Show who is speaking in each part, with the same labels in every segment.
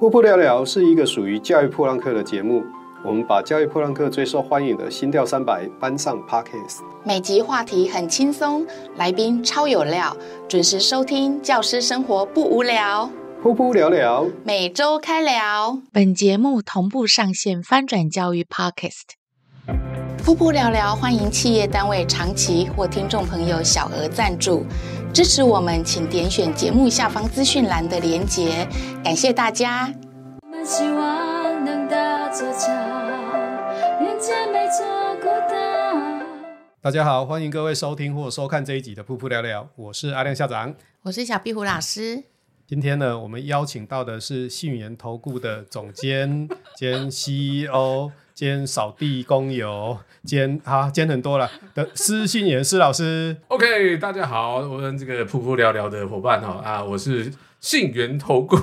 Speaker 1: 噗噗聊聊是一個屬於教育噗浪客的節目，我們把教育噗浪客最受歡迎的《心跳300》搬上 Podcast。
Speaker 2: 每集話題很輕鬆，來賓超有料，準時收聽，教師生活不無聊。噗噗聊聊，每周開聊。本節目同步上線翻轉教育 Podcast。噗噗聊聊，歡迎企業單位長期或聽眾朋友小額贊助。支持我們，請點選節目下方資訊欄的連結。感謝大家。
Speaker 1: 大家好，歡迎各位收聽或收看這一集的《噗噗聊聊》，我是阿亮校長，
Speaker 2: 我是小壁虎老師。
Speaker 1: 今天呢，我們邀請到的是信源投顧的總監兼 CEO。兼掃地工友，兼好、啊，兼很多了的施信源，施老師。OK，大家
Speaker 3: 好，我們這個噗噗聊聊的伙伴哈啊，我是信源投顧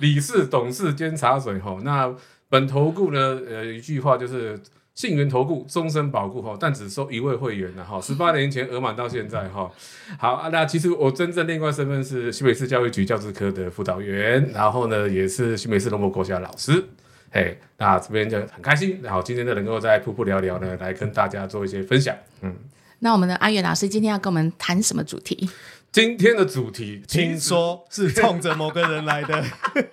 Speaker 3: 理事董事兼茶水哈。那本投顧呢，呃，一句話就是信源投顧終身保固哈，但只收一位會員哈。十八年前額滿到現在哈。好啊，那其實我真正另外身份是新北市教育局教資科的輔導員，然後呢也是新北市龍埔國小老師。嘿、hey，那這邊就很開心。好，今天呢能夠再噗噗聊聊呢，來跟大家做一些分享。
Speaker 2: 嗯，那我們的阿源老師今天要跟我們談什麼主題？
Speaker 3: 今天的主題聽說是衝着某個人來的，沒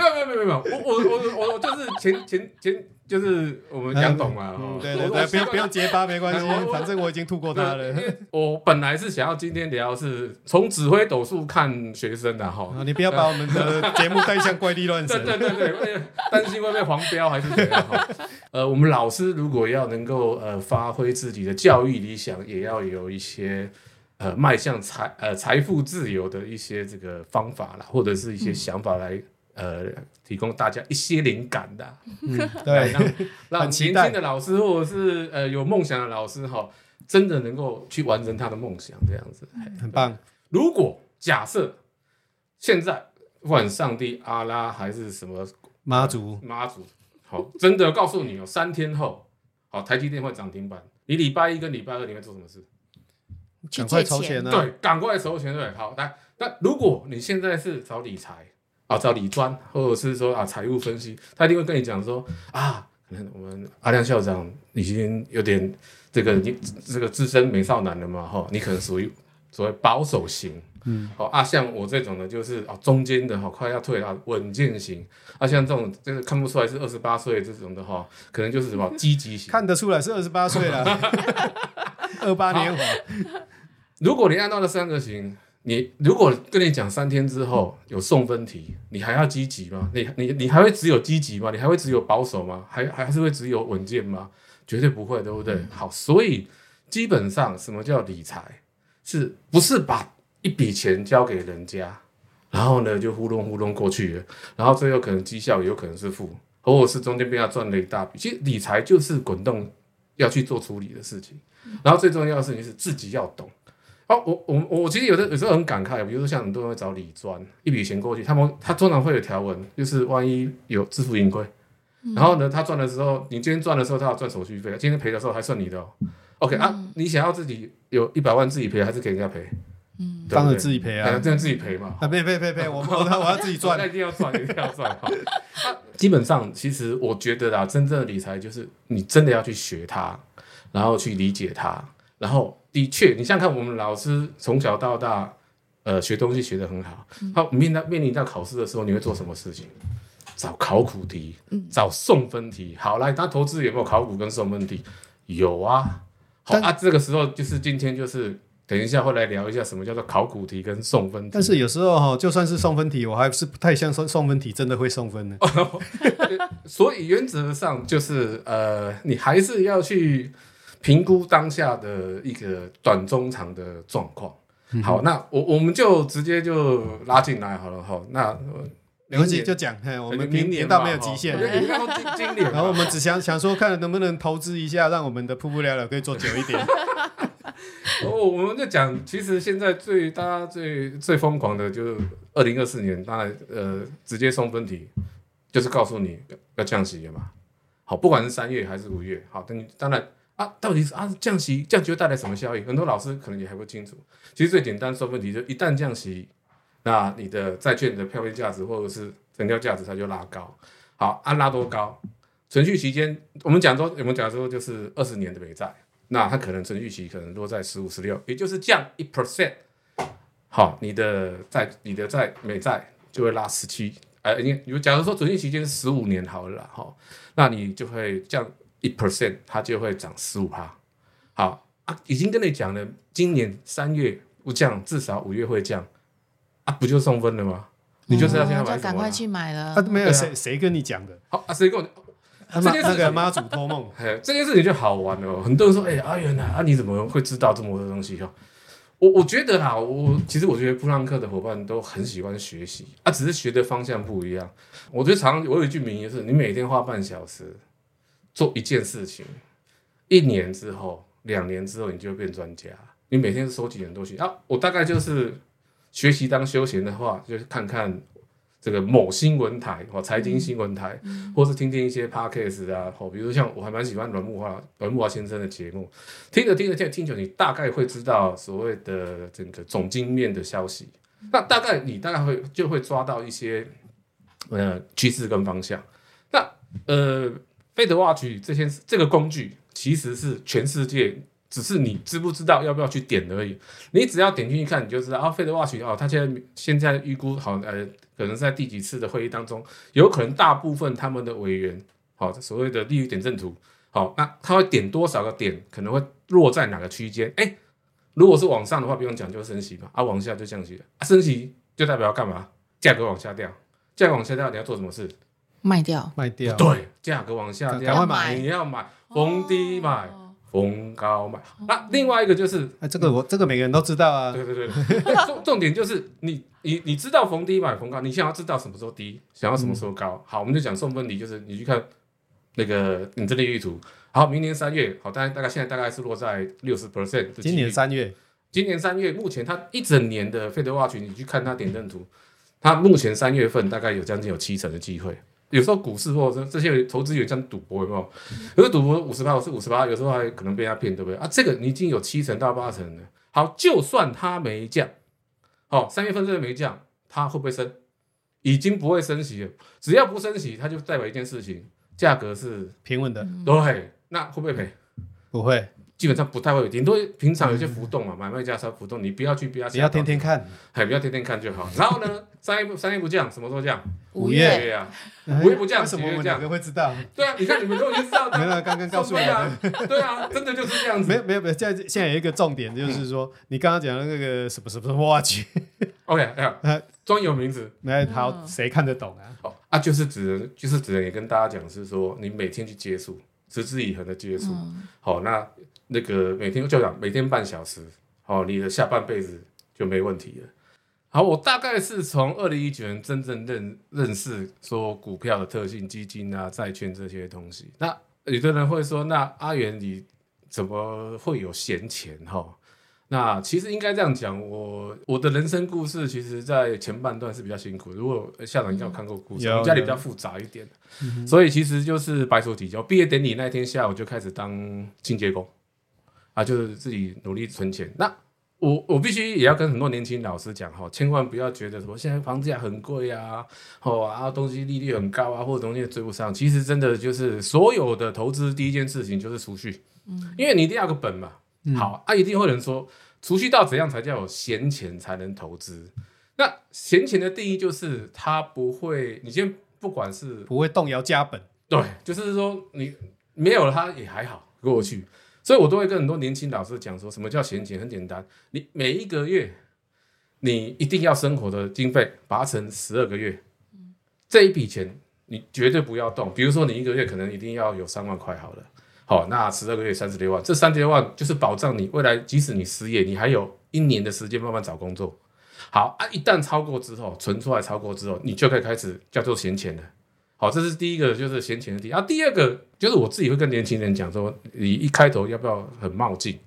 Speaker 3: 有 沒有沒有沒有，我我我我就是前前前。就是我們講懂嘛。哈、嗯，對對，對、嗯哦對，不要不要結巴，沒
Speaker 1: 關係、啊我，反正我已經吐過他了。呵呵
Speaker 3: 我本來是想要今天聊的是從紫微斗數看學生的哈，你不要把我們的節目帶向怪力亂神、嗯。對對對對， 擔心會被黃標還是怎樣？哈 呃，我們老師如果要能夠呃發揮自己的教育理想，也要有一些呃邁向財呃財富自由的一些這個方法啦，或者是一些想法來。嗯呃，提供大家一些靈感的、啊嗯，對， 讓年輕的老師或者是 呃有夢想的老師哈、哦，真的能夠去完成他的夢想，這樣子、嗯、很棒。如果假設現在
Speaker 1: 不管上
Speaker 3: 帝、阿拉還是什麼、嗯、
Speaker 1: 媽祖，
Speaker 3: 媽祖，好，真的告訴你哦， 三天後，好，台積電會漲停板，你禮拜一跟禮拜二你會做什麼事？
Speaker 1: 趕快籌錢啊！對，
Speaker 3: 趕快籌錢對，好，來。那如果你現在是找理財？啊，找理專，或者是說啊，財務分析，他一定會跟你講說啊，可能我們阿亮校長已經有點這個你這個資深美少男了嘛，哈，你可能屬於所謂保守型，嗯，好啊，像我這種的就是啊中間的哈、啊，快要退啊，穩健型，啊，像這種真的、這個、看不出來是二十八歲這種的哈、啊，可能就是什麼積極型，
Speaker 1: 看得出來是二十八歲了，二 八 年華
Speaker 3: 如果你按照了三個型。你如果跟你講三天之後有送分題，嗯、你還要積極嗎？你你你還會只有積極嗎？你還會只有保守嗎？還還是會只有穩健嗎？絕對不會，對不對？嗯、好，所以基本上什麼叫理財？是不是把一筆錢交給人家，然後呢就呼隆呼隆過去了，然後最後可能績效也有可能是負，或者是中間被他賺了一大筆？其實理財就是滾動要去做處理的事情，嗯、然後最重要的事情是自己要懂。哦我我我，我其實有的有時候很感慨，比如說像很多人會找理專一筆錢過去，他們他通常會有條文，就是萬一有自負盈虧，然後呢他賺的時候，你今天賺的時候他要賺手續費，今天賠的時候還算你的、喔。OK 啊、嗯，你想要自己有一百萬自己賠，還是給人家賠、嗯？
Speaker 1: 當然自己賠啊，這、欸、樣自己賠嘛。呸呸呸呸，我我我要自己賺， 一定要
Speaker 3: 賺，一定要賺。基本上，其實我覺得啊，真正的理財就是你真的要去學它，然後去理解它，然後。的確，你像看我們老師從小到大，呃，學東西學得很好。好、嗯，面到面臨到考試的時候，你會做什麼事情？找考古題，嗯、找送分題。好，來，那投資有沒有考古跟送分題？有啊。好啊，這個時候就是今天就是，等一下會來聊一下什
Speaker 1: 麼叫做考古題跟送分題。但是有時候哈，就算是送分題，我還是不太相信送分題真的會送分的。
Speaker 3: 所以原則上就是呃，你還是要去。評估當下的一個短中長的狀況，嗯。好，那我我們就直接就拉進來好了好，那沒關係就講，
Speaker 1: 我們明年，明年到沒有極限，然後我們只想想說，看能不能投資一下，讓我們的噗噗聊聊可以做久一點。哦， 我們就講，其實現
Speaker 3: 在最大家最最瘋狂的，就是二零二四年，當然呃，直接送分題，就是告訴你要降息了嘛。好，不管是三月還是五月，好，等當然。啊，到底是啊降息，降息會帶來什麼效應？很多老師可能也還不清楚。其實最簡單說問題，就是，就一旦降息，那你的債券的票面價值或者是成交價值，它就拉高。好，按、啊、拉多高，存續期間，我們講說，我們講說就是二十年的美債，那它可能存續期可能落在十五、十六，也就是降一 percent。好，你的債，你的債美債就會拉十七，哎、欸，你假如說存續期間是十五年好了，好，那你就會降。一 percent，它就會漲十五趴。好啊，已經跟你講了，今年三月不降，至少五月會降啊，不就送分了嗎？你就是要現在買、啊，趕、哦、快
Speaker 2: 去買了。沒有誰
Speaker 3: 誰跟你講的？好啊，誰跟我？這件事情媽祖托夢，這件事情就好玩哦。很多人說：“哎、欸，阿、啊、原來啊你怎麼會知道這麼多東西？”哈，我我覺得哈，我其實我覺得噗浪客的夥伴都很喜歡學習，啊，只是學的方向不一樣。我覺得常我有一句名言、就是：“你每天花半小時。”做一件事情，一年之後、兩年之後，你就變專家。你每天收集很多東西啊，我大概就是學習當休閒的話，就是看看這個某新聞台或財經新聞台、嗯，或是聽聽一些 podcast 啊，哦，比如說像我還蠻喜歡阮木華、阮木華先生的節目，聽着聽着、聽聽着，你大概會知道所謂的這個總經面的消息。那大概你大概會就會抓到一些嗯趨勢跟方向。那呃。Fed Watch 這些這個工具其實是全世界，只是你知不知道要不要去點而已。你只要點進去看，你就知道啊。Fed Watch 哦，它現在現在預估好，呃，可能在第幾次的會議當中，有可能大部分他們的委員，好、哦，所謂的利率點陣圖，好、哦，那他會點多少個點，可能會落在哪個區間？誒、欸，如果是往上的話，不用講，就升息嘛。啊，往下就降息了。啊、升息就代表要幹嘛？價格往下掉，價格往下掉，你要做什麼事？
Speaker 2: 賣掉，賣掉，對，價
Speaker 3: 格往下掉，趕快買，買，你要買，逢低買，哦、逢高買。那、啊、另外一個就是，哎、欸，這
Speaker 1: 個我、嗯，這個每個人都知
Speaker 3: 道啊。對對對，對、 欸，重重點就是你，你，你知道逢低買，逢高，你想要知道什麼時候低，想要什麼時候高，嗯、好，我們就講送分題，就是你去看那個你這的預圖。好，明年三月，好，大概大概，大概現在大概是落在六十 percent。今年三月，今年三月，目前它一整年的 FedWatch，你去看它點陣圖，它目前三月份大概有將近有七成的機會。有時候股市或者這些投資人像賭博有沒有？有時候賭博五十八我是五十八，有時候還可能被他騙，對不對啊？這個你已經有七成到八成了，好，就算它沒降，哦，三月份這個沒降，它會不會升？已經不會升息了，只要不升息，它就代表一件事情，價格是平穩的，對，那會不會賠？不會。基本上不太會有聽，因為平常有些浮動嘛，買賣價差浮動，你不要去比較。你要，要天天看，還不要天天看就好。然後呢，三月三月不降，什麼時候降？五月，五月啊，
Speaker 1: 啊，五月不降，為什麼我們兩個會知道？對啊，你看你們兩個就知道。 沒了、啊，剛剛告訴我 啊，對啊，真的就是這樣子。沒有沒有沒有，現在現在有一個重點就是說，你剛剛講的那個什麼什麼話題、嗯、 ？OK，哎、啊，專有名詞，那、嗯、那好，誰看得懂啊？
Speaker 3: 嗯、好啊，就是只能就是只能也跟大家講，是說你每天去接觸，持之以恆的接觸。好，那。那個每天就長，每天半小時，好，你的下半輩子就沒問題了。好，我大概是從二零一九年真正認認識說股票的特性、基金啊、債券這些東西。那有的人會說，那阿源你怎麼會有閒錢？哈，那其實應該這樣講，我我的人生故事，其實在前半段是比較辛苦。如果校長一定要看過故事，嗯、我們家裡比較複雜一點，嗯、所以其實就是白手起家。畢業典禮那天下午就開始當清潔工。啊，就是自己努力存錢。那我我必須也要跟很多年輕老師講哈，千萬不要覺得什麼現在房價很貴啊，哦、啊，然後東西利率很高啊，或者東西追不上。其實真的就是所有的投資，第一件事情就是儲蓄，嗯，因為你一定要個本嘛，嗯、好啊，一定會有人說儲蓄到怎樣才叫閒錢才能投資？那閒錢的定義就是它不會，你先不管是不會動搖家本，對，就是說你沒有了它也還好過去。所以，我都會跟很多年輕老師講說，什麼叫閒錢？很簡單，你每一個月你一定要生活的經費，把它乘十二個月。這一筆錢你絕對不要動。比如說，你一個月可能一定要有三萬塊，好了，好，那十二個月三十六萬，這三十六萬就是保障你未來，即使你失業，你還有一年的時間慢慢找工作。好啊，一旦超過之後，存出來超過之後，你就可以開始叫做閒錢了。好，這是第一個，就是閒錢的題第、啊、第二個就是我自己會跟年輕人講說，你一開頭要不要很冒進？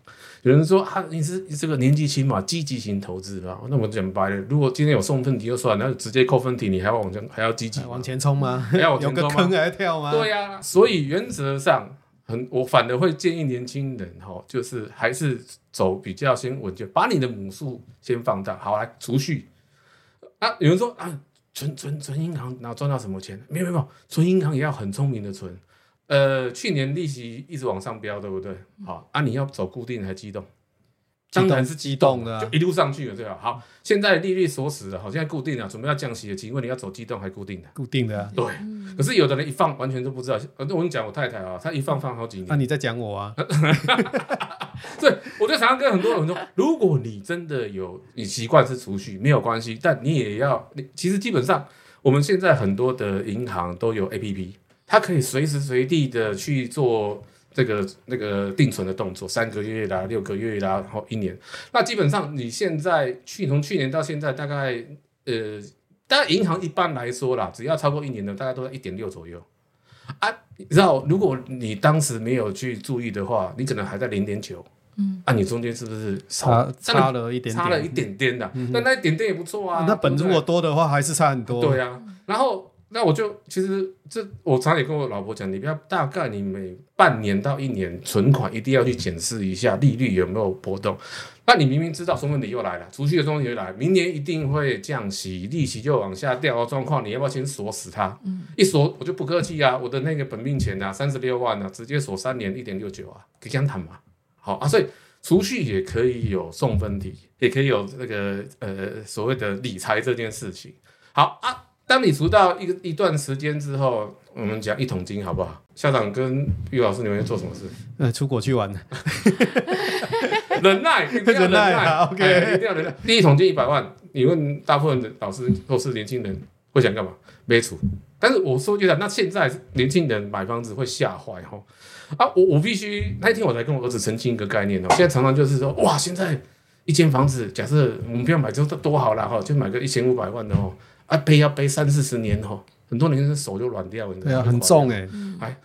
Speaker 3: 有人說啊，你是這個年紀輕嘛，積極型投資吧？」那我講白了，如果今天有送分題就算，那直接扣分題，你還要往前，還要積極往前衝嗎？還要往前衝嗎？ 有個坑還
Speaker 1: 要跳嗎？對呀、
Speaker 3: 啊。所以原則上，很我反而會建議年輕人哈、哦，就是還是走比較先穩健，就把你的母數先放大，好來儲蓄啊。有人說啊。存存存銀行，然後賺到什麼錢？沒有沒有，存銀行也要很聰明的存。呃，去年利息一直往上飆，對不對？嗯、好啊，你要走固定還是機動？當然是機動，動的、啊，就一路上去的最好。好，現在利率鎖死了，好，現在固定了，準備要降息的，請問你要走機動還固定的，
Speaker 1: 固定的、啊。對、
Speaker 3: 嗯，可是有的人一放完全都不知道。反正我跟你講，我太太啊，她一放放好幾年。那、啊、你在講我啊？對， 我就常常跟很多人說，如果你真的有，你習慣是儲蓄沒有關係，但你也要，其實基本上，我們現在很多的銀行都有 A P P，它可以隨時隨地的去做。這個那個定存的動作，三個月啦、六個月啦，然後一年，那基本上你現在去從去年到現在大、呃，大概呃，當然銀行一般來說啦，只要超過一年的，大概都在一點六左右啊。然後如果你當時沒有去注意的話，你可能還在零點九，嗯、啊、那你中間是不是差差,差了一點,點，差了一點點的、嗯？但那一點點也不錯
Speaker 1: 啊,啊。那本如果多的話，還是差很多。對啊。
Speaker 3: 然後。那我就其實這，我常也跟我老婆講，你不要，大概你每半年到一年存款一定要去檢視一下利率有沒有波動。那你明明知道送分題又來了，儲蓄的送分題又來，明年一定會降息，利息就往下掉的狀況，你要不要先鎖死它？嗯，一鎖我就不客氣啊，我的那個本命錢啊，三十六萬啊，直接鎖三年一點六九啊，可以這樣談嘛？好啊，所以儲蓄也可以有送分題，也可以有那個呃所謂的理財這件事情。好啊。當你出到一一段時間之後，我們講一桶金，好不好？校長跟於老師，你們要做什麼事？
Speaker 1: 呃，出國去玩。
Speaker 3: 忍耐，一定要忍耐，忍耐啊，OK，哎，一定要忍耐。第一桶金一百萬，你問大部分的老師都是年輕人會想幹嘛？買厝。但是我說句實話，那現在年輕人買房子會嚇壞哈。啊，我我必須那一天我來跟我兒子澄清一個概念哦。現在常常就是說，哇，現在一間房子，假設我們不要買，就多好了哈，就買個一千五百萬的哦。啊、背要背三四十年哦，很多人手就軟掉,、嗯、掉。對啊，很重、欸、哎，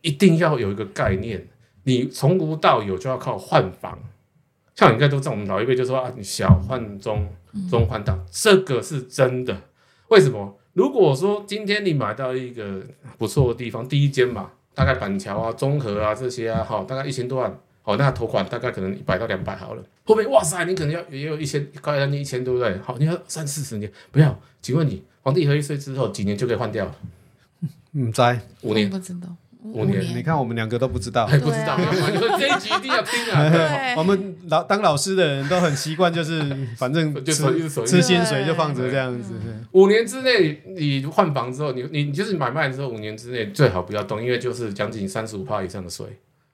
Speaker 3: 一定要有一個概念，嗯、你從無到有就要靠換房。像你應該都這種，我們老一輩就是說啊，你小換中，中換大、嗯，這個是真的。為什麼？如果說今天你買到一個不錯的地方，第一間吧，大概板橋啊、嗯、中和啊這些啊，好、哦，大概一千多萬。哦，那他頭款大概可能一百到兩百好了，後面哇塞，你可能要也有一千，將近一千多，對不對？好，你要三四十年，不要。請問你，房地合一稅之後幾年就可以換掉？嗯，
Speaker 1: 在五年、年。五年？你看我們兩個都不知道，欸啊、不知道。說這一集一定要
Speaker 2: 聽啊！ 我們
Speaker 1: 老當老師的人都很習慣、就是， 就是反正就吃吃薪水就放着這樣子。五年之內你換房之後，你你
Speaker 3: 就是買賣之後五年之內最好不要動，因為就是將近三十五趴以上的稅。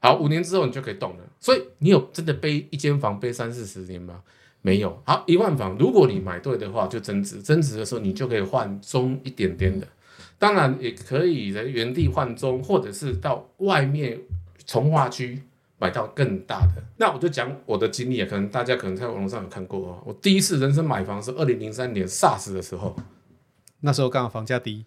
Speaker 3: 好，五年之後你就可以動了。所以你有真的背一間房背三四十年嗎？沒有。好，一萬房，如果你買對的話，就增值。增值的時候，你就可以換中一點點的。當然，也可以在原地換中，或者是到外面重劃區買到更大的。那我就講我的經歷啊，可能大家可能在網絡上有看過哦。我第一次人生買房是二零零三年 SARS 的時候，那時候剛好房價低，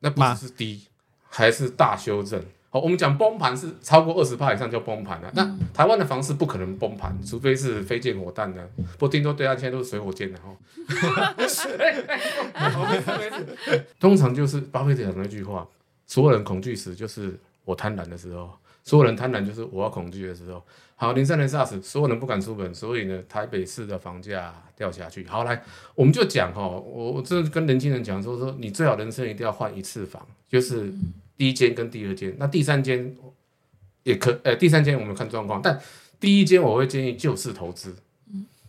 Speaker 3: 那不是低，還是大修正。好，我們講崩盤是超過二十趴以上就崩盤了。那台灣的房市不可能崩盤，除非是飛箭火彈的、啊。不，聽說對岸現在都是水火箭的、啊、哈。 通常就是巴菲特講那句話：所有人恐懼時，就是我貪婪的時候；所有人貪婪，就是我要恐懼的時候。好，零三年 SARS，所有人不敢出門，所以呢，台北市的房價掉下去。好，來，我們就講哈、哦，我我這跟年輕人講說說，你最好人生一定要換一次房，就是、嗯。第一間跟第二間，那第三間也可，呃、欸，第三間我們看狀況。但第一間我會建議就是投資。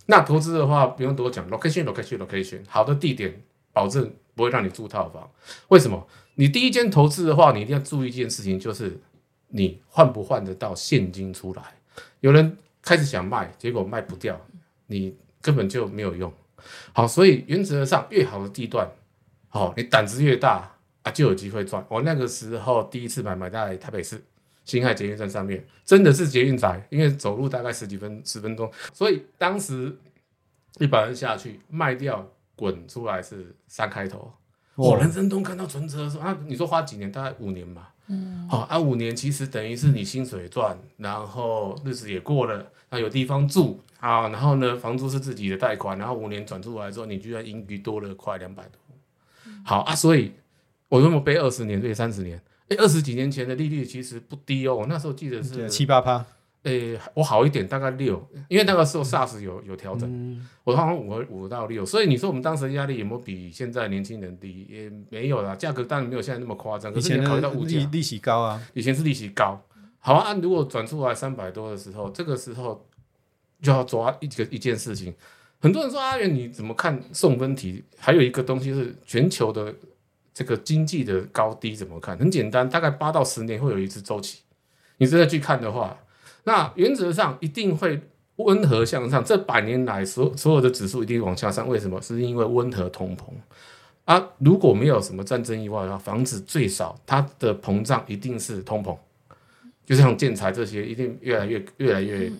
Speaker 3: 那投資的話不用多講，location，location，location，location，好的地點保證不會讓你住套房。為什麼？你第一間投資的話，你一定要注意一件事情，就是你換不換得到現金出來？有人開始想賣，結果賣不掉，你根本就沒有用。好，所以原則上越好的地段，好、哦，你膽子越大。就有機會賺。我那個時候第一次買，買在台北市辛亥捷運站上面，真的是捷運宅，因為走路大概十幾分十分鐘。所以當時一百萬下去賣掉，滾出來是三開頭。
Speaker 2: 我、哦、人生
Speaker 3: 中看到存折的時候啊，你說花幾年？大概五年吧。嗯。好、哦，按、啊、五年其實等於是你薪水賺，然後日子也過了，那有地方住啊，然後呢，房租是自己的貸款，然後五年轉出來之後，你居然盈餘多了快兩百多。好啊，所以。我有沒背二十年對三十年？哎，二十幾年前的利率其實不低哦。我那時候記得是七八趴。我好一點，大概六。因為那個時候 SARS 有有調整，嗯、我好像五五到六。所以你說我們當時壓力有沒有比現在年輕人低？也沒有啦，價格當然沒有現在那麼誇張。以前考慮到物價利，利息高啊，以前是利息高。好啊，啊如果轉出來三百多的時候，這個時候就要抓一個一件事情。很多人說阿源、啊、你怎麼看送分題？還有一個東西是全球的。這個經濟的高低怎麼看？很簡單，大概八到十年會有一次週期。你真的去看的話，那原則上一定會溫和向上。這百年來所所有的指數一定往下上，為什麼？是因為溫和通膨啊。如果沒有什麼戰爭意外的話，房子最少它的膨脹一定是通膨，就像建材這些，一定越來越越來越。嗯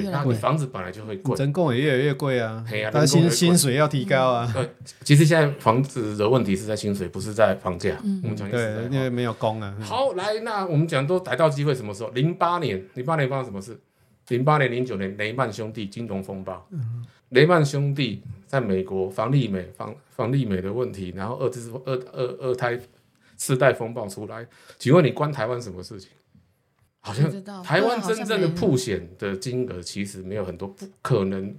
Speaker 3: 越越那你房子本來就會貴，
Speaker 1: 人工也越來越貴啊。對啊，但是薪薪
Speaker 3: 水要提高啊。對，其實現在房子的問題是在薪水，不是在房價，嗯。我們講是。對，因為沒有工啊。好，來，那我們講都逮到機會什麼時候？零八年，零八年發生什麼事？零八年、零九年雷曼兄弟金融風暴，嗯。雷曼兄弟在美國房利美房房利美的問題，然後二就是二二二胎次貸風暴出來。請問你關台灣什麼事情？好像台灣真正的曝險的金額其實沒有很多，不可能。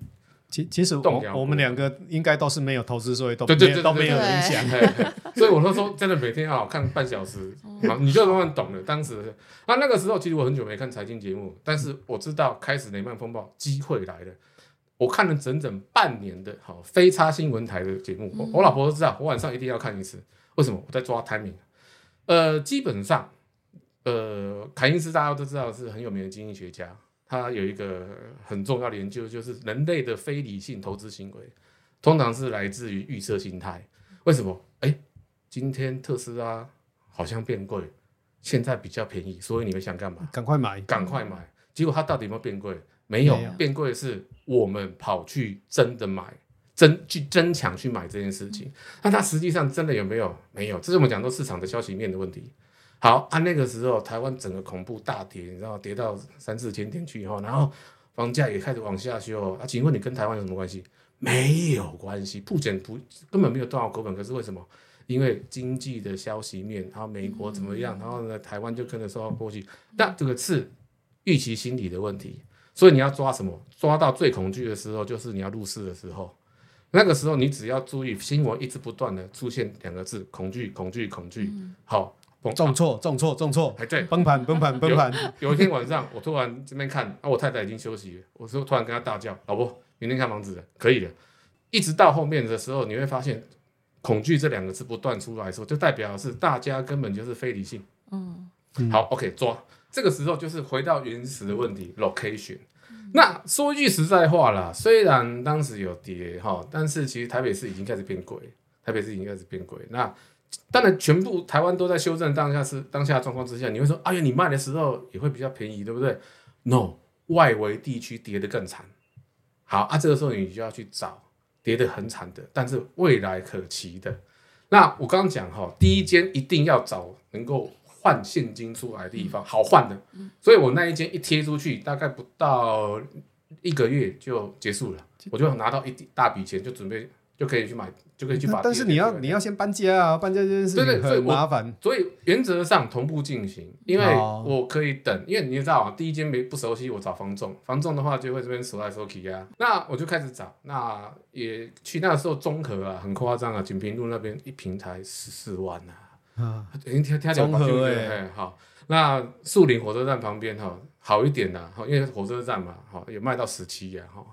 Speaker 1: 其其實我我們兩個應該都是沒有投資，所以都，對對對對對對都沒有影響。對對對
Speaker 3: 對對 所以我說說真的，每天要看半小時 好，你就慢慢懂了。當時 那那個時候，其實我很久沒看財經節目，但是我知道開始雷曼風暴機會來了，我看了整整半年的好、哦、非凡新聞台的節目，嗯。我老婆都知道，我晚上一定要看一次。為什麼？我在抓 timing。呃，基本上。呃，凱因斯大家都知道是很有名的經濟學家，他有一個很重要的研究，就是人類的非理性投資行為，通常是來自於預測心態。為什麼？哎，今天特斯拉好像變貴，現在比較便宜，所以你們想幹嘛？趕快買，趕快買。結果它到底有沒有變貴？沒有，沒有變貴是我們跑去真的買，爭去爭搶去買這件事情。那、嗯、它實際上真的有沒有？沒有，這是我們講到市場的消息面的問題。好，啊，那個時候台灣整個恐怖大跌，你知道嗎？跌到三四千點去，哦、然後房價也開始往下修啊，請問你跟台灣有什麼關係、嗯？沒有關係，不減不，根本沒有多少股本。可是為什麼？因為經濟的消息面，然後美國怎麼樣，嗯、然後呢，台灣就跟着受到波及、嗯。那這個是預期心理的問題。所以你要抓什麼？抓到最恐懼的時候，就是你要入市的時候。那個時候你只要注意新聞一直不斷的出現兩個字：恐懼，恐懼，恐懼、嗯。
Speaker 1: 好。重挫重挫重挫，哎對，崩盤崩盤崩盤有。有一天晚
Speaker 3: 上，我突然在這邊看，啊，我太太已經休息了。我說我突然跟她大叫，老婆，明天看房子了可以的。一直到後面的時候，你會發現，恐懼這兩個字不斷出來的時候，就代表是大家根本就是非理性。嗯，好，OK，抓。這個時候就是回到原始的問題，location。嗯，那說一句實在話啦，雖然當時有跌哈，但是其實台北市已經開始變貴，台北市已經開始變貴。那當然，全部台灣都在修正當下是當下狀況之下，你會說，哎呀，你賣的時候也會比較便宜，對不對？No，外圍地區跌得更慘。好啊，這個時候你就要去找跌得很慘的，但是未來可期的、嗯。那我剛剛講哈，第一間一定要找能夠換現金出來的地方，嗯、好換的、嗯。所以我那一間一貼出去，大概不到一個月就結束了，嗯、我就拿到一大筆錢，就準備就可以去買。就可以去吧，但是你
Speaker 1: 要對對你要先搬家啊，搬家這件事情很麻煩對對
Speaker 3: 所，所以原則上同步進行，因為我可以等，因為你知道啊，第一間沒不熟悉，我找房仲，房仲的話就會這邊手來手去啊。那我就開始找，那也去那時候綜合啊，很誇張啊，錦屏路那邊一平才十四萬吶，啊，已經跳跳腳，綜合對、欸。好，那樹林火車站旁邊哈、哦、好一點的、啊哦，因為火車站嘛，好、哦、也賣到十七呀哈。哦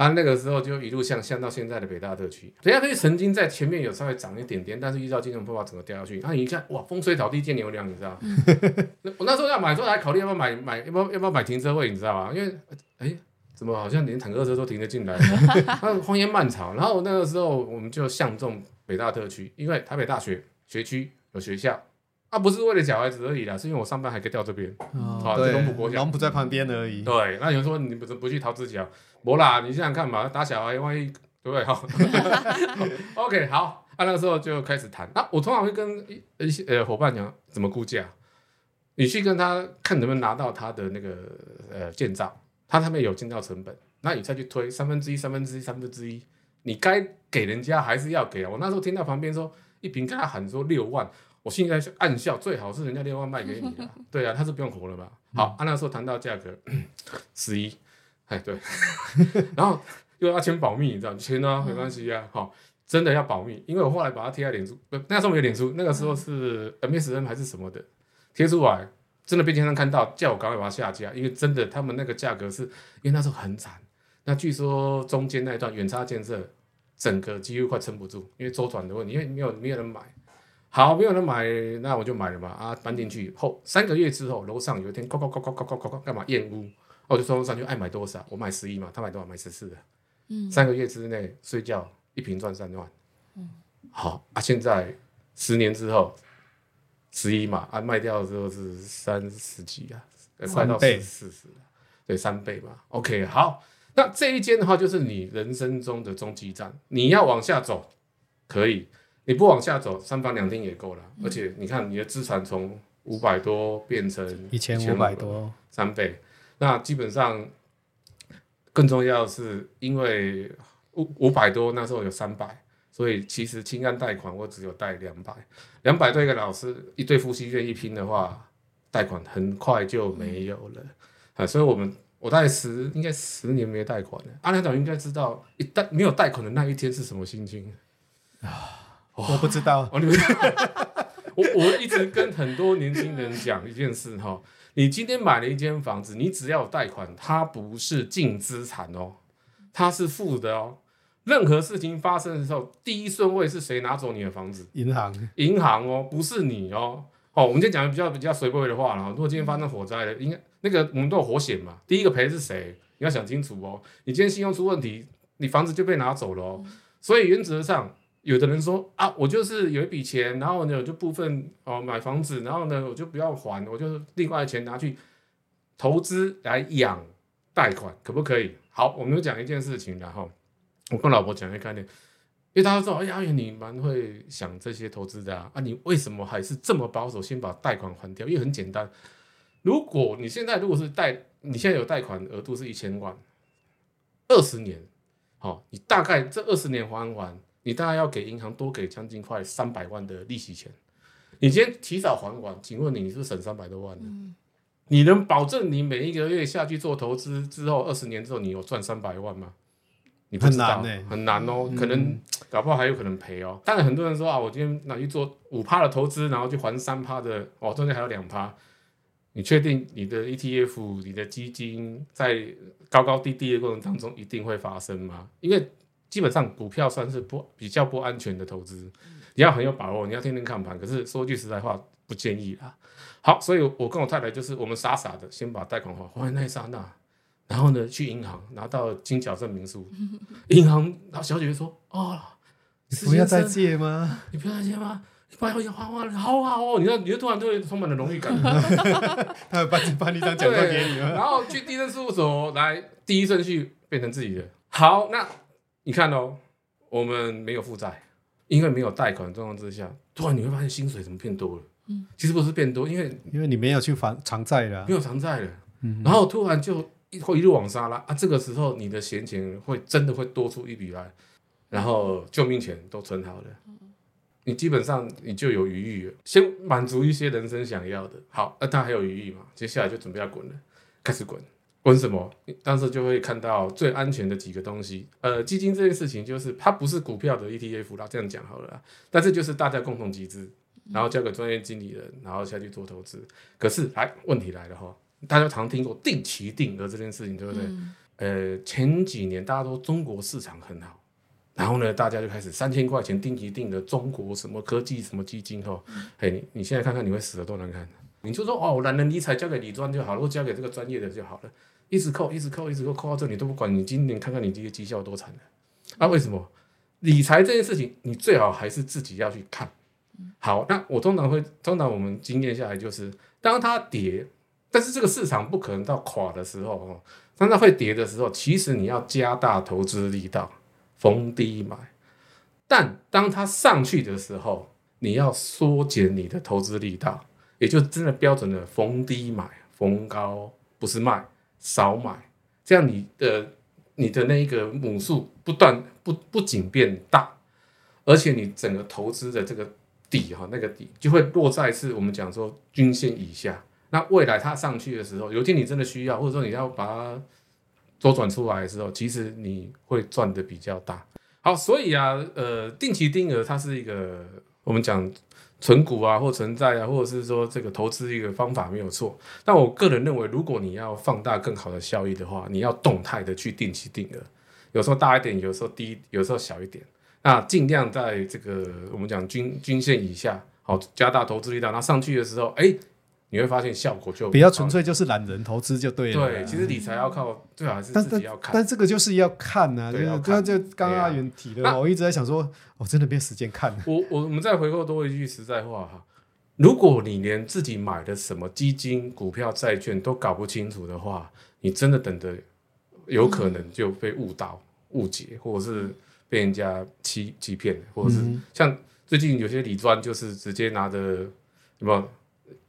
Speaker 3: 啊，那個時候就一路向向到現在的北大特區，人家可以曾經在前面有稍微漲一點點，但是遇到金融風暴整個掉下去。他、啊、你一看，哇，風吹草地見牛羊，你知道？ 我那時候要買時候還考慮要不要買買要不要要不要買停車位，你知道吧？因為，哎、欸，怎麼好像連坦克車都停得進來、啊？ 那荒煙蔓草。然後那個時候我們就相中北大特區，因為台北大學學區有學校，啊，不是為了小孩子而已啦，是因為我上班還可以調這邊、哦。啊。對，龍埔在旁邊而已。對，那有人說，說你不是不去桃子腳？不啦，你想想看嘛，打小孩萬一對不對？好 OK 好，按、啊、那個時候就開始談。那、啊、我通常會跟一一些呃夥伴講怎麼估價，你去跟他看能不能拿到他的那個呃建造，他他上面有建造成本，那你再去推三分之一、三分之一、三分之一，你該給人家還是要給啊。我那時候聽到旁邊說一坪跟他喊說六萬，我心裡在暗笑，最好是人家六萬賣給你啊， 對啊，他是不用活了吧？嗯、好，按、啊、那個、時候談到價格十一。哎對 然後又要簽保密，你知道簽呢？啊，沒關係啊。好，真的要保密，因為我後來把它貼在臉書，不，那時候沒有臉書，那個時候是 MSN 還是什麼的，貼出來真的被經常看到，叫我趕快把它下架，因為真的他們那個價格是因為那時候很慘，那據說中間那一段遠差建設整個幾乎快撐不住，因為周轉的問題，因為沒有沒有人買，好，沒有人買，那我就買了嘛，啊，搬進去以後三個月之後，樓上有一天，扣扣扣扣扣扣扣，幹嘛驗屋？我就衝上去，愛買多少，我買十一嘛，他買多少，買十四的，
Speaker 1: 嗯，三
Speaker 3: 個月之內睡覺一瓶賺三萬，嗯，好啊，現在十年之後，十一嘛，啊賣掉之後是三十幾啊，三倍快到四十四，對，三倍嘛，OK，好，那這一間的話就是你人生中的終極站，你要往下走，可以，你不往下走，三房兩廳也夠了，嗯，而且你看你的資產從五百多變成一千五百多，三倍。那基本上，更重要是因為五五百多那時候有三百，所以其實青安貸款我只有貸兩百，兩百對一個老師一對夫妻願意拼的話，貸款很快就沒有了，嗯、啊！所以我，我們我大概十應該十年沒貸款了。阿亮總應該知道，一旦沒有貸款的那一天是什麼心情啊？我
Speaker 1: 不知道，哦、 我
Speaker 3: 我我一直跟很多年輕人講一件事哈。 你今天買了一間房子，你只要有貸款，它不是淨資產哦，它是負的哦。任何事情發生的時候，第一順位是誰拿走你的房子？銀行，銀行哦，不是你哦。好、哦，我們今天講的比較比較隨便的話了。然後如果今天發生火災了，應該那個我們都有火險嘛，第一個賠是誰？你要想清楚哦。你今天信用出問題，你房子就被拿走了哦。嗯、所以原則上。有的人說啊，我就是有一筆錢，然後呢，我就部分哦買房子，然後呢，我就不要還，我就另外的錢拿去投資來養貸款，可不可以？好，我們就講一件事情，然後我跟老婆講一個概念，因為他說哎呀，你蠻會想這些投資的啊，啊，你為什麼還是這麼保守，先把貸款還掉？因為很簡單，如果你現在如果是貸，你現在有貸款額度是一千萬，二十年，好，你大概這二十年還完，你大概要給銀行多給將近快三百萬的利息錢，你今天提早還完。請問你，你是不是省三百多萬的？啊嗯。你能保證你每一個月下去做投資之後，二十年之後你有賺三百萬嗎？你不知道，很難欸，很難哦。嗯、可能，搞不好還有可能賠哦。但是很多人說啊，我今天拿去做五趴的投資，然後去還三趴的，哦，中間還有兩趴。你確定你的 ETF、你的基金在高高低低的過程當中一定會發生嗎？因為。基本上股票算是不比較不安全的投資、嗯，你要很有把握，你要天天看盤。可是說句實在話，不建議啦啊好，所以我,我跟我太太就是我們傻傻的先把貸款還還完那一剎那，然後呢去銀行拿到金繳證明書，銀、嗯、行然後小姐姐說：“哦，你不要再借嗎？你不要再借嗎？你不要再借嗎你還還好好哦。你知道”你那你就突然就會充滿了榮譽感， 他們幫你頒發一張獎狀給你嗎，然後去地政事務所來第一順序變成自己的。好，那。你看哦，我們沒有負債，因為沒有貸款狀況之下，突然你會發現薪水怎麼變多了？嗯，
Speaker 1: 其實不是變多，因為因為你沒有去還償債、啊、債
Speaker 3: 了，沒有償債了，然後突然就一會一路往上了啊！這個時候你的閒錢會真的會多出一筆來，然後救命錢都存好了，嗯、你基本上你就有餘裕了，先滿足一些人生想要的，好，那、啊、他還有餘裕嘛？接下來就準備要滾了，開始滾。問什麼？當時就會看到最安全的幾個東西。呃，基金這件事情就是它不是股票的 ETF 啦，這樣講好了啦。但是就是大家共同集資，然後交給專業經理人，然後下去做投資，嗯。可是，哎，問題來了哈。大家常聽過定期定額這件事情，對不對，嗯？呃，前幾年大家都中國市場很好，然後呢，大家就開始三千塊錢定期定額中國什麼科技什麼基金哈。哎、嗯，你你現在看看，你會死的多難看。你就說哦，我懶人理財，交給理專就好了，如果交給這個專業的就好了。一直扣，一直扣，一直扣，扣到這你都不管。你今年看看你這個績效多慘了啊？為什麼理財這件事情，你最好還是自己要去看。好，那我通常會，通常我們經驗下來就是，當它跌，但是這個市場不可能到垮的時候哦。當它會跌的時候，其實你要加大投資力道，逢低買。但當它上去的時候，你要縮減你的投資力道。也就真的標準的逢低買，逢高不是賣，少買，這樣你的、呃、你的那一個母數不斷不不僅變大，而且你整個投資的這個底哈、喔、那個底就會落在是我們講說均線以下。那未來它上去的時候，有一天你真的需要，或者說你要把它周轉出來的時候，其實你會賺得比較大。好，所以啊，呃，定期定額它是一個我們講。存股啊，或存在啊，或者是說這個投資一個方法沒有錯，但我個人認為，如果你要放大更好的效益的話，你要動態的去定期定額，有時候大一點，有時候低，有時候小一點，那盡量在這個我們講均均線以下，好，加大投資力量，那上去的時候，哎、欸。你會發現效果就比較純
Speaker 1: 粹，就是懶人投資就對了、啊。對，其
Speaker 3: 實理財要靠，最好還是自己要看。但,但,
Speaker 1: 但這個就是要看吶、啊，看就就剛就剛阿元提的、啊，我一直在想說，我、哦、真的沒時間看。我我們再回過多一句實在話哈，如果
Speaker 3: 你連自己買的什麼基金、股票、債券都搞不清楚的話，你真的等的有可能就被誤導、嗯、誤解，或者是被人家欺欺騙，或者是、嗯、像最近有些理專就是直接拿着什麼。有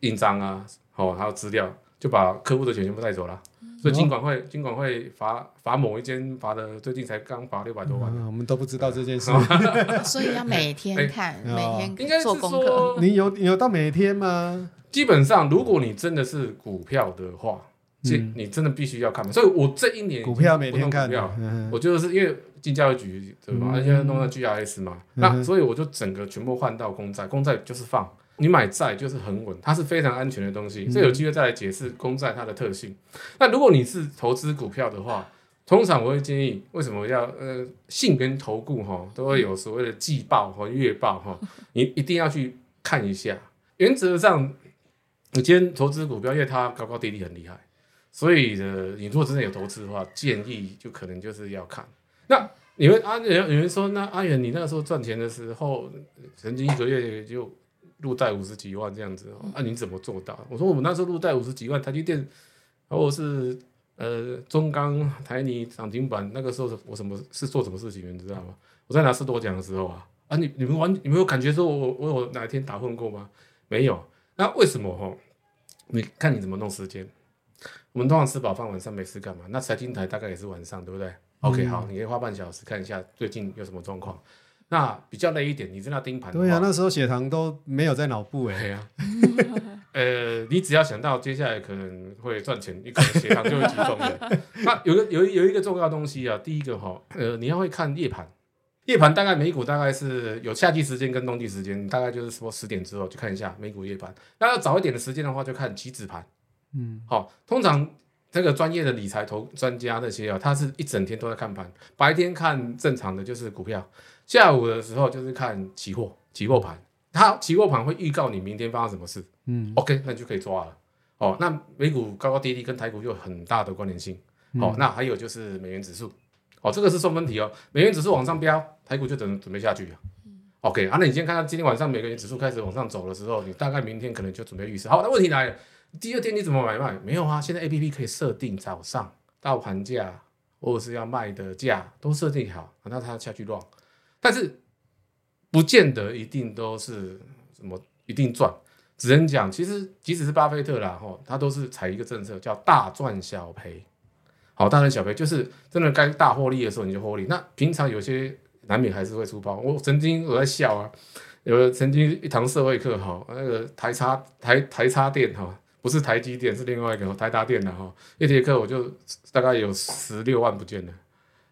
Speaker 3: 印章啊，哦，還有資料，就把客戶的錢全部帶走了、嗯。所以金管會，金、哦、管會罰罰某一間罰的，最近才剛罰六百多萬、嗯嗯。我們都不知道這件事。嗯、 所
Speaker 2: 以要每天看，欸哦、每天做功課應該是
Speaker 1: 說，你有你有到每天嗎？
Speaker 3: 基本上，如果你真的是股票的話，這、嗯、你真的必須要看。所以我這一年股票，股票每天看，股、嗯、票，我就是因為進教育局，對吧？而、嗯、且、嗯、弄到 GRS 嘛，嗯嗯、那所以我就整個全部換到公債、嗯，公債就是放。你買債就是很穩，它是非常安全的東西。所以有機會再來解釋公債它的特性。嗯。那如果你是投資股票的話，通常我會建議，為什麼要呃，信跟投顧哈，都會有所謂的季報和月報哈，你一定要去看一下。 原則上，你今天投資股票，因為它高高低低很厲害，所以呢，你如果真的有投資的話，建議就可能就是要看。那有人阿有人說，那阿遠、啊、你，你那個時候賺錢的時候，曾經一個月就。入貸五十幾萬這樣子，那、啊、你怎麼做到？我說我們那時候入貸五十幾萬，台積電，而我是呃中鋼、台泥漲停板，那個時候我什麼是做什麼事情，你知道嗎？我在拿四多獎的時候啊，啊你，你們你們完，你沒有感覺說我我有哪一天打混過嗎？沒有。那為什麼吼？你看你怎麼弄時間？我們通常吃飽飯，晚上沒事幹嘛？那財經台大概也是晚上，對不對、嗯、？OK，好，你可以花半小時看一下最近有什麼狀況。那比較累一點，你知道盯盤。對呀、啊。那
Speaker 1: 時候血糖都沒有在腦部哎、欸、呀，啊、
Speaker 3: 呃，你只要想到接下來可能會賺錢，你可能血糖就會集中的 那有個有有一個重要東西啊，第一個哈，呃，你要會看夜盤，夜盤大概美股大概是有夏季時間跟冬季時間，大概就是說十點之後去看一下美股夜盤。那要早一點的時間的話，就看期指盤。嗯，好，通常這個專業的理財投專家那些啊，他是一整天都在看盤，白天看正常的就是股票。下午的時候就是看期貨，期貨盤，它期貨盤會預告你明天發生什麼事。嗯，OK，那你就可以抓了。哦，那美股高高低低跟台股有很大的關聯性，嗯。哦，那還有就是美元指數，哦，這個是送分題哦，美元指數往上飆，台股就等準備下去了。嗯，OK，啊，那你先看看今天晚上美元指數開始往上走的時候，你大概明天可能就準備預示。好，那問題來了，第二天你怎麼買賣？沒有啊，現在 APP 可以設定早上到盤價，或者是要賣的價都設定好，啊，那它下去亂。但是不見得一定都是什麼一定賺，只能講，其實即使是巴菲特啦，哈，他都是採一個政策叫大賺小賠。好，大賺小賠就是真的該大獲利的時候你就獲利。那平常有些難免還是會出包。我曾經我在笑啊，有曾經一堂社會課，哈，那個台差台台差電，哈，不是台積電，是另外一個台達電的，哈，一節課我就大概有十六萬不見了，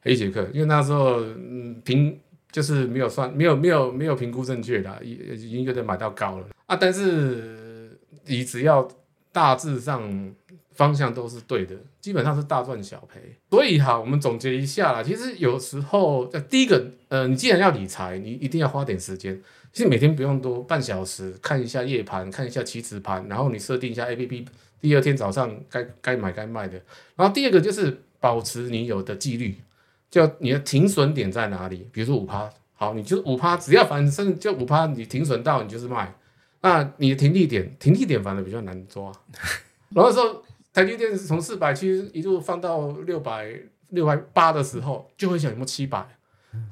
Speaker 3: 一節課，因為那時候嗯平。就是沒有算，沒有沒有沒有評估正確的，已已經有點買到高了啊！但是你只要大致上方向都是對的，基本上是大賺小賠。所以哈，我們總結一下啦。其實有時候，呃、第一個，嗯、呃，你既然要理財，你一定要花點時間。其實每天不用多，半小時看一下夜盤，看一下期指盤，然後你設定一下 APP，第二天早上該該買該賣的。然後第二個就是保持你有的紀律。就你的停損點在哪裡？比如說五趴，好，你就五趴，只要反正就五趴，你停損到你就是賣。那你的停利點，停利點反而比較難抓。 然後說台積電從四百其實一路放到六百六百八的時候，就會想有沒有七百，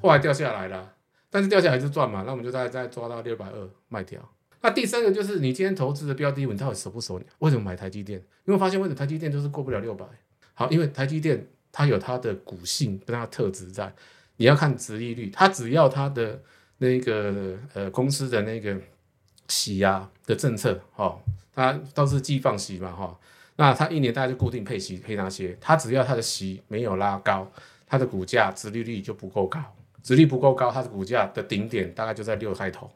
Speaker 3: 後來掉下來了，但是掉下來就賺嘛，那我們就大概再抓到六百二賣掉。那第三個就是你今天投資的標的，你到底熟不熟你？你為什麼買台積電？因為發現為什麼台積電就是過不了六百？好，因為台積電。它有它的股性跟它的特質在，你要看殖利率。它只要它的那個呃公司的那個息啊的政策，哈、哦，它都是計放息嘛，哈、哦。那它一年大概就固定配息配那些。它只要它的息沒有拉高，它的股價殖利率就不夠高，殖利率不夠高，它的股價的頂點大概就在六開頭。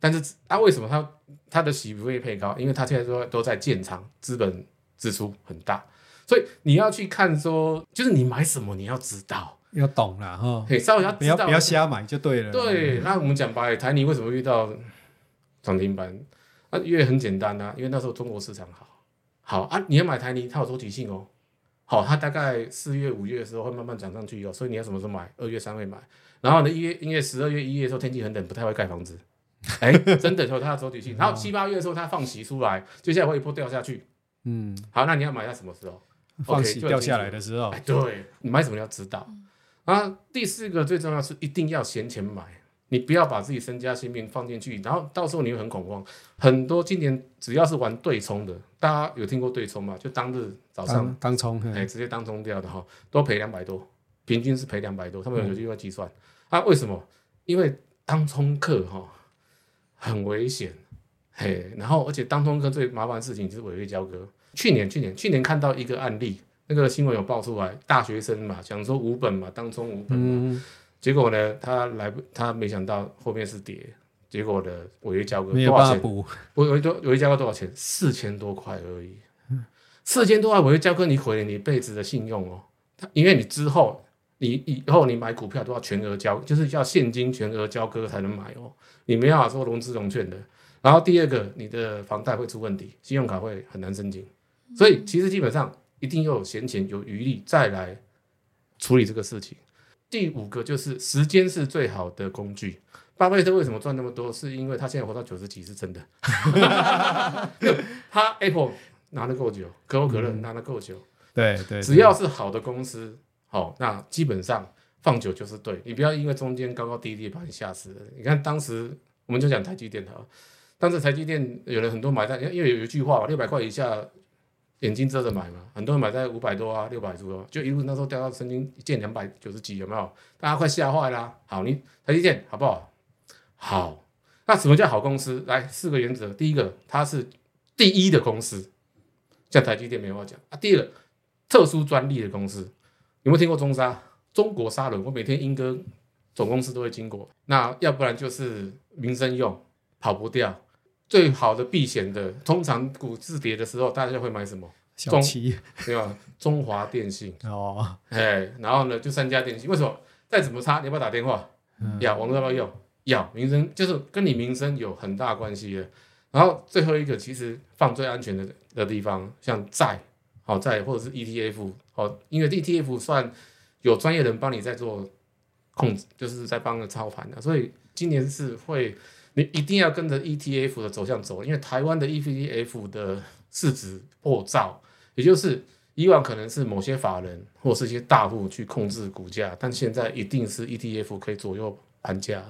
Speaker 3: 但是它、啊、為什麼它它的息不會配高？因為它現在說都在建廠，資本支出很大。所以你要去看說，就是你買什麼你要知道，要懂了哈。你稍微要，你不要不要瞎買就對了。對、嗯，那我們講白了台泥為什麼遇到漲停板？啊、嗯，因為很簡單啊，因為那時候中國市場好，好啊，你要買台泥，它有周期性哦、喔。好，它大概四月、五月的時候會慢慢漲上去哦、喔，所以你要什麼時候買？二月、三月買。然後呢，一月、一月、十二月、一月的時候天氣很冷，不太會蓋房子。哎、欸， 真的時候它有周期性。然後七八月的時候它放息出來、嗯，接下來會一波掉下去。嗯，好，那你要買在什麼時候？Okay, 放棄掉下來的時候，okay, 欸、對，你買什麼你要知道、嗯。啊，第四個最重要是一定要閒錢買，你不要把自己身家性命放進去，然後到時候你會很恐慌。很多今年只要是玩對沖的，大家有聽過對沖嗎？就當日早上當沖，哎、欸，直接當沖掉的哈，都賠兩百多，平均是賠兩百多，他們有機會計算、嗯。啊，為什麼？因為當沖客哈、喔、很危險，嘿，然後而且當沖客最麻煩的事情就是違約交割。去年，去年，去年看到一個案例，那個新聞有爆出來，大學生嘛，想說無本嘛，當中無本、嗯、結果呢，他來他沒想到後面是跌，結果的違約交割，沒有補違約多，違約交割多少錢？四千多塊而已，四、嗯、千多塊違約交割，你毀你一輩子的信用哦，因為你之後，你以後你買股票都要全額交，就是要現金全額交割才能買哦，你沒辦法做融資融券的，然後第二個，你的房貸會出問題，信用卡會很難申請。所以其實基本上一定要有閒錢、有餘力再來處理這個事情。第五個就是時間是最好的工具。巴菲特為什麼賺那麼多？是因為他現在活到九十幾是真的。 他 Apple 拿得夠久，可口可樂拿得夠久。嗯、對對、對，只要是好的公司，好、哦、那基本上放久就是對。你不要因為中間高高低低把你嚇死。你看當時我們就講台積電哈，當時台積電有了很多買單，因為有一句話嘛，六百塊以下。眼睛遮着買嘛，很多人買在五百多啊，六百多多啊，就一路那時候掉到曾經一件兩百九十幾，有沒有？大家快嚇壞啦！好，你台積電好不好？好，那什麼叫好公司？來，四個原則，第一個，它是第一的公司，像台積電沒話講啊。第二，特殊專利的公司，有沒有聽過中砂？中國砂輪，我每天鶯歌總公司都會經過，那要不然就是民生用，跑不掉。最好的避險的，通常股市跌的時候，大家會買什麼？小中企對吧？中華電信 哦、欸，哎，然後呢，就三家電信。為什麼？再怎麼差，你要，不要打電話，嗯、要網絡要不要用？要，民生就是跟你民生有很大關係的。然後最後一個，其實放最安全的的地方，像債，好、哦、債或者是 ETF，哦，因為 ETF 算有專業人幫你在做控制，就是在幫着操盤的、啊，所以今年是會。你一定要跟着 ETF 的走向走，因為台灣的 ETF 的市值破兆，也就是以往可能是某些法人或是一些大戶去控制股價，但現在一定是 ETF 可以左右盤價，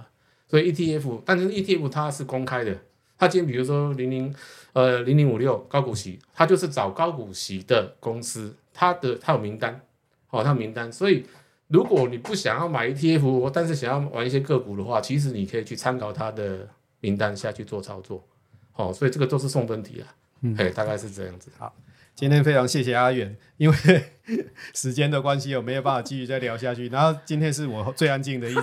Speaker 3: 所以 ETF，但是 ETF 它是公開的，它今天比如說零零呃零零五六高股息，它就是找高股息的公司，它的它有名單，哦它有名單，所以。如果你不想要買 ETF，但是想要玩一些個股的話，其實你可以去參考它的名單下去做操作，哦。所以這個都是送分題啊，哎、嗯，
Speaker 1: 大概是這樣子，好。今天非常謝謝阿遠，因為時間的關係，我沒有辦法繼續再聊下去。然後今天是我最安靜的一集，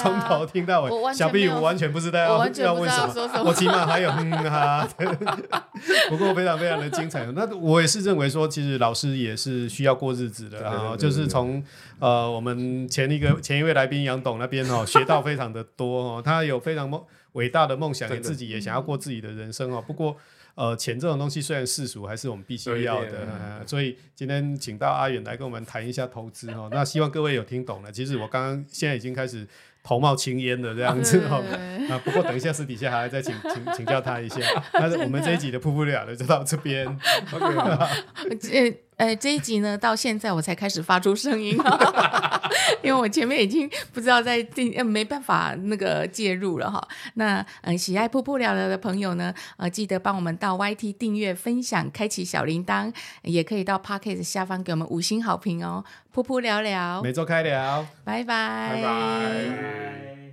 Speaker 1: 從、 啊、頭聽到尾，小壁我，我完全不知道，知道，不知道要要問什麼，我起碼還有嗯哈， 不過非常非常的精彩。那我也是認為說，其實老師也是需要過日子的啊， 然後就是從呃我們前一個前一位來賓楊董那邊哦學到非常的多哦， 他有非常夢偉大的夢想的，自己也想要過自己的人生哦，不過。呃，錢這種東西雖然世俗，還是我們必須要的、啊。對對對對，所以今天請到阿遠來跟我們談一下投資、哦、 那希望各位有聽懂了。其實我剛剛現在已經開始頭冒青煙了這樣子。啊，不過等一下私底下還要再請 請請教他一下。但 是、啊、我們這一集的噗噗聊聊就到這邊。呃、 okay,
Speaker 2: 呃，這一集呢，到現在我才開始發出聲音、哦。 因為我前面已經不知道在定，呃，沒辦法那個介入了哈。那嗯，喜愛噗噗聊聊的朋友呢，呃，記得幫我們到 YT 訂閱、分享、開啟小鈴鐺，也可以到 Podcast 下方給我們五星好評哦、喔。噗噗聊聊，
Speaker 1: 每周開聊，
Speaker 2: 拜拜，拜拜。